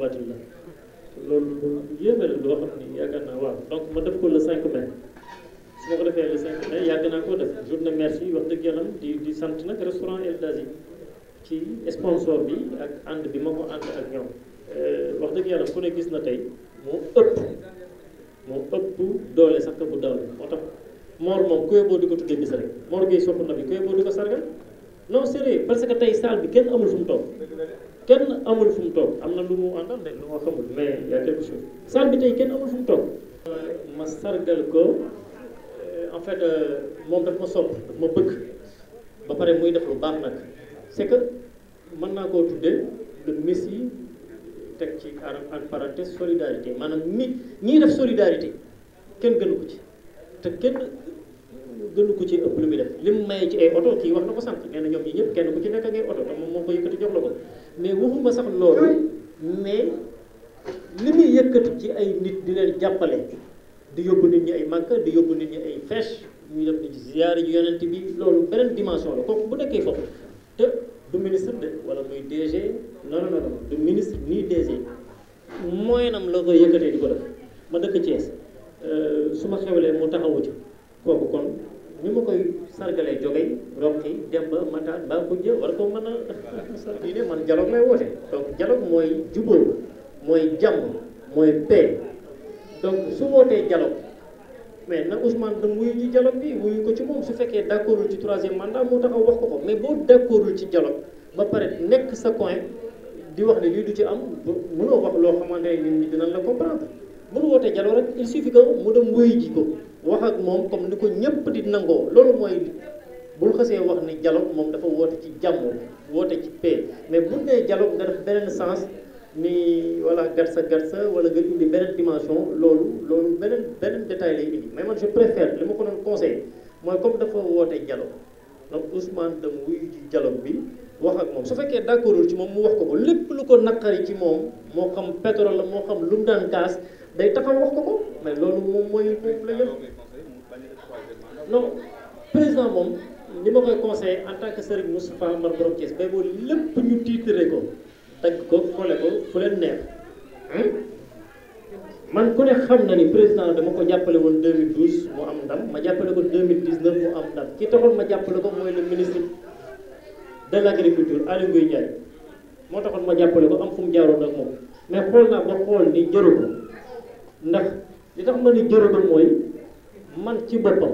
baatin la loolu yéeme la loo xam ni yaakaar naa waaw donc ma def ko le 5 mai su ma ko defee le 5 mai yàgg naa koo def journée merci wax dëgg yàlla di di sant nag restaurant Eldazi ci sponsor bi ak ànd bi ma ko ànd ak ñoom euh, wax dëgg yàlla ku ne gis na tey moo ëpp moo ëpp doole sax bu daw moo tax Mor moom ku yóbboo di ko tuddee bis rek Mor Gueye sopp bi ku yóbboo di ko sargal non sérieux parce que tey salle bi kenn amul fu mu kenn amul lu mu àndal de lu ma xamul mais y a quelque chose bi tey kenn amul fu mu toog ma sargal ko euh, en fait euh, moom daf ma sopp daf ma bëgg ba pare muy def lu baax nag c'est que mën naa koo tuddee le messie teg ci en parenthèse solidarité maanaam ñi ñii def solidarité kenn gënu ko ci te kenn gënu ko ci ëpp lu muy def li mu maye ci ay oto kii wax na ko sant nee na ñoom ñi ñëpp kenn ku ci nekk ak ay oto te moom moo ko yëkkati jox la ko mais waxuma sax loolu mais li muy yëkkati ci ay nit di leen jàppale di yóbbu nit ñi ay Makka di yóbbu nit ñi ay Fès ñu dem di ziyaare ji yonent bi loolu beneen dimension la kooku bu nekkee foofu te du ministre de wala muy DG non non non du ministre nii DG mooy nam la koy yëkkatee di ko def ma dëkk Thiès euh, su ma xewlee mu taxawu ci kooku kon. ñu ma koy sargalee jógey Roqi Demba Matar ba ko jë war ko mën a sargalee man dialogue lay woote donc dialogue mooy jubóo mooy jàmm mooy paix donc su wootee dialogue mais na Ousmane dam wuyu ji dialogue bi wuyu ko ci moom su fekkee d'accordul ci troisième mandat moo taxaw wax ko ko mais boo d'accordul ci dialogue ba pare nekk sa coin di wax ne lii du ci am mënoo wax loo xamante ne nit ñi dinañ la comprendre mënu wootee dialogue rek il suffit que mu dem wuyu ji ko wax ak moom comme ni ko ñëpp di nangoo loolu mooy bul xasee wax ni dialogue moom dafa woote ci jàmm woote ci paix mais bu nee dialogue nga def beneen sens ni wala garsa garsa wala nga indi beneen dimension loolu loolu beneen beneen détail lay indi mais man je préfère li ma ko doon conseil mooy comme dafa woote dialogue donc Ousmane dem wuyu ci dialogue bi wax ak moom su fekkee d'accordul ci moom mu wax ko ko lépp lu ko naqari ci moom moo xam pétrole la moo xam lu mu daan kaas day taxaw wax ko ko mais loolu moom mooy moom la yëpp président moom li ma koy conseillé en tant que Serigne Moustapha Mar borom Thiès bay boo lépp ñu tiitre ko tagg ko xole ko fu leen neex man ku xam na ni président dama ko jàppale woon 2012 mu am ndam ma jàppale ko 2019 mu am ndam ki taxoon ma jàppale ko mooy le ministre de l' agriculture Aly Ngouille Ndiaye moo taxoon ma jàppale ko am fu mu jaaroon ak moom mais xool naa ba xool ni jëru ndax li tax ma ne jërëjëf mooy man ci boppam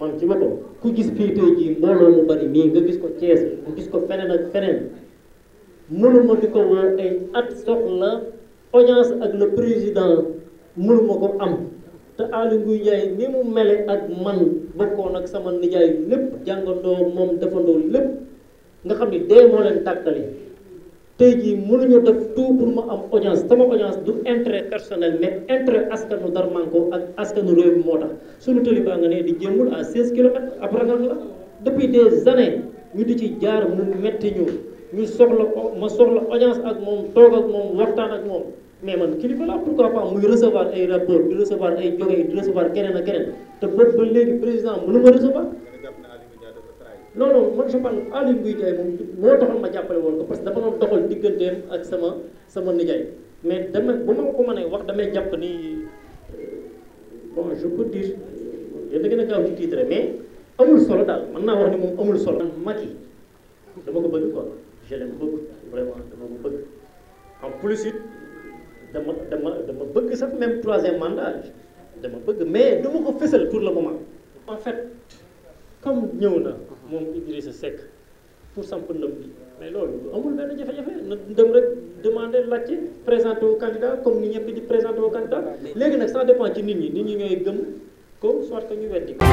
man ci boppam ku gis fii tey jii mbooloo mu bari nii nga gis ko Thiès nga gis ko feneen ak feneen mënuma di ko woo ay at soxla audience ak le président mënuma ko am te Aly Ngouille Ndiaye ni mu mele ak man bokkoon ak sama nijaay lépp jàngandoo moom defandoo lépp nga xam ni dee moo leen tàkkale tey jii mënuñu def tout pour ma am audience sama audience du intérêt personnel mais intérêt askanu Darmanko ak askanu réew mi moo tax suñu tali baa nga ne di jëmmul à 16 kilomètres après nga la depuis des années ñu di ci jaar mu metti ñu ñu soxla ko ma soxla audience ak moom toog ak moom waxtaan ak moom mais man kilifa la pourquoi pas muy recevoir ay rapport di recevoir ay jóge di recevoir keneen ak keneen te boobu ba léegi président mënu ma recevoir non non man je parle Aly moom moo taxoon ma jàppale woon ko parce que dama doon doxal ak sama sama nijaay mais dama bu ma ko mënee wax damay jàpp ni euh, bon je peux a gaaw ci titre amul solo daal naa wax ni moom amul solo. Macky dama ko bëgg quoi je l'aime beaucoup vraiment dama ko bëgg en plus it dama dama dama bëgg sax même troisième mandat dama bëgg mais du ma pour le moment en fait comme ñëw na. moom Idrissa Seck pour samp ndëm bi mais loolu amul benn jafe-jafe na dem rek demande laajte présenté au candidat comme ni ñëpp di présenté au candidat léegi nag ça dépend ci nit ñi nit ñi ñooy gëm ko soit que ñu weddi ko